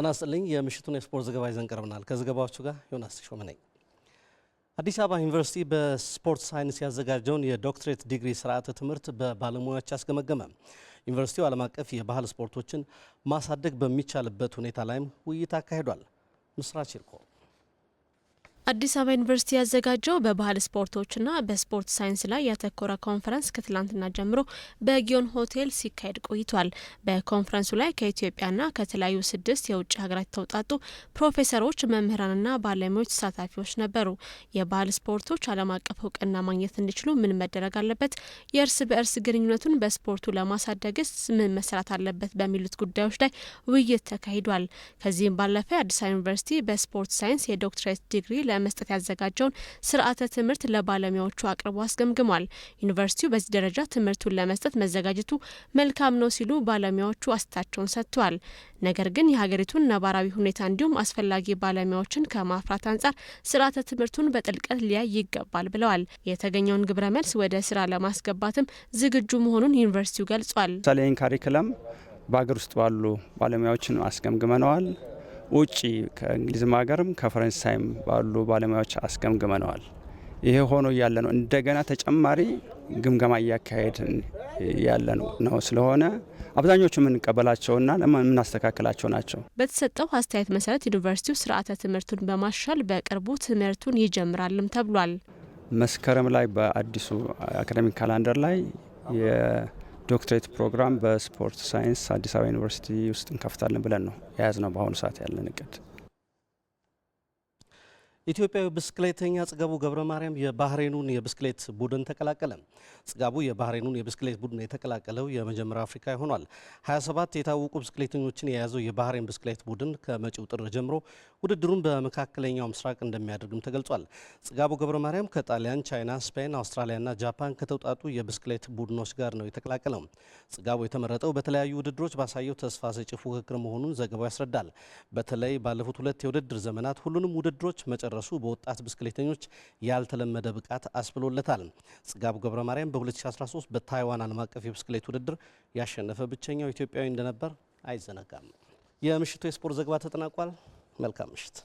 ጤና ይስጥልኝ። የምሽቱን የስፖርት ዘገባ ይዘን ቀርበናል። ከዘገባዎቹ ጋር ዮናስ ሾመ ነኝ። አዲስ አበባ ዩኒቨርሲቲ በስፖርት ሳይንስ ያዘጋጀውን የዶክትሬት ዲግሪ ስርዓተ ትምህርት በባለሙያዎች አስገመገመ። ዩኒቨርሲቲው ዓለም አቀፍ የባህል ስፖርቶችን ማሳደግ በሚቻልበት ሁኔታ ላይም ውይይት አካሂዷል። ምስራች ይርኮ አዲስ አበባ ዩኒቨርሲቲ ያዘጋጀው በባህል ስፖርቶችና በስፖርት ሳይንስ ላይ ያተኮረ ኮንፈረንስ ከትላንትና ጀምሮ በጊዮን ሆቴል ሲካሄድ ቆይቷል። በኮንፈረንሱ ላይ ከኢትዮጵያና ከተለያዩ ስድስት የውጭ ሀገራት የተውጣጡ ፕሮፌሰሮች፣ መምህራንና ባለሙያዎች ተሳታፊዎች ነበሩ። የባህል ስፖርቶች ዓለም አቀፍ እውቅና ማግኘት እንዲችሉ ምን መደረግ አለበት፣ የእርስ በእርስ ግንኙነቱን በስፖርቱ ለማሳደግስ ምን መሰራት አለበት በሚሉት ጉዳዮች ላይ ውይይት ተካሂዷል። ከዚህም ባለፈ አዲስ አበባ ዩኒቨርሲቲ በስፖርት ሳይንስ የዶክትሬት ዲግሪ ለመስጠት ያዘጋጀውን ስርዓተ ትምህርት ለባለሙያዎቹ አቅርቦ አስገምግሟል። ዩኒቨርሲቲው በዚህ ደረጃ ትምህርቱን ለመስጠት መዘጋጀቱ መልካም ነው ሲሉ ባለሙያዎቹ አስተያየታቸውን ሰጥተዋል። ነገር ግን የሀገሪቱን ነባራዊ ሁኔታ እንዲሁም አስፈላጊ ባለሙያዎችን ከማፍራት አንጻር ስርዓተ ትምህርቱን በጥልቀት ሊያይ ይገባል ብለዋል። የተገኘውን ግብረ መልስ ወደ ስራ ለማስገባትም ዝግጁ መሆኑን ዩኒቨርሲቲው ገልጿል። ሳሌን ካሪክለም በሀገር ውስጥ ባሉ ባለሙያዎችን አስገምግመነዋል። ውጪ ከእንግሊዝም ሀገርም ከፈረንሳይም ባሉ ባለሙያዎች አስገምግመነዋል። ይሄ ሆኖ እያለ ነው እንደገና ተጨማሪ ግምገማ እያካሄድን ያለ ነው ስለሆነ አብዛኞቹ የምንቀበላቸውና የምናስተካክላቸው ናቸው። በተሰጠው አስተያየት መሰረት ዩኒቨርሲቲው ስርዓተ ትምህርቱን በማሻል በቅርቡ ትምህርቱን ይጀምራልም ተብሏል። መስከረም ላይ በአዲሱ አካደሚክ ካላንደር ላይ ዶክትሬት ፕሮግራም በስፖርት ሳይንስ አዲስ አበባ ዩኒቨርሲቲ ውስጥ እንከፍታለን ብለን ነው የያዝነው በአሁኑ ሰዓት ያለን እቅድ። ኢትዮጵያዊ ብስክሌተኛ ጽጋቡ ገብረ ማርያም የባህሬኑን የብስክሌት ቡድን ተቀላቀለ። ጽጋቡ የባህሬኑን የብስክሌት ቡድን የተቀላቀለው የመጀመሪያ አፍሪካዊ ሆኗል። 27 የታወቁ ብስክሌተኞችን የያዘው የባህሬን ብስክሌት ቡድን ከመጪው ጥር ጀምሮ ውድድሩን በመካከለኛው ምስራቅ እንደሚያደርግም ተገልጿል። ጽጋቡ ገብረ ማርያም ከጣሊያን፣ ቻይና፣ ስፔን፣ አውስትራሊያና ጃፓን ከተውጣጡ የብስክሌት ቡድኖች ጋር ነው የተቀላቀለው። ጽጋቡ የተመረጠው በተለያዩ ውድድሮች ባሳየው ተስፋ ሰጪ ፉክክር መሆኑን ዘገባው ያስረዳል። በተለይ ባለፉት ሁለት የውድድር ዘመናት ሁሉንም ውድድሮች መጨረ መድረሱ በወጣት ብስክሌተኞች ያልተለመደ ብቃት አስብሎለታል። ጽጋቡ ገብረ ማርያም በ2013 በታይዋን ዓለም አቀፍ የብስክሌት ውድድር ያሸነፈ ብቸኛው ኢትዮጵያዊ እንደነበር አይዘነጋም። የምሽቱ የስፖርት ዘገባ ተጠናቋል። መልካም ምሽት።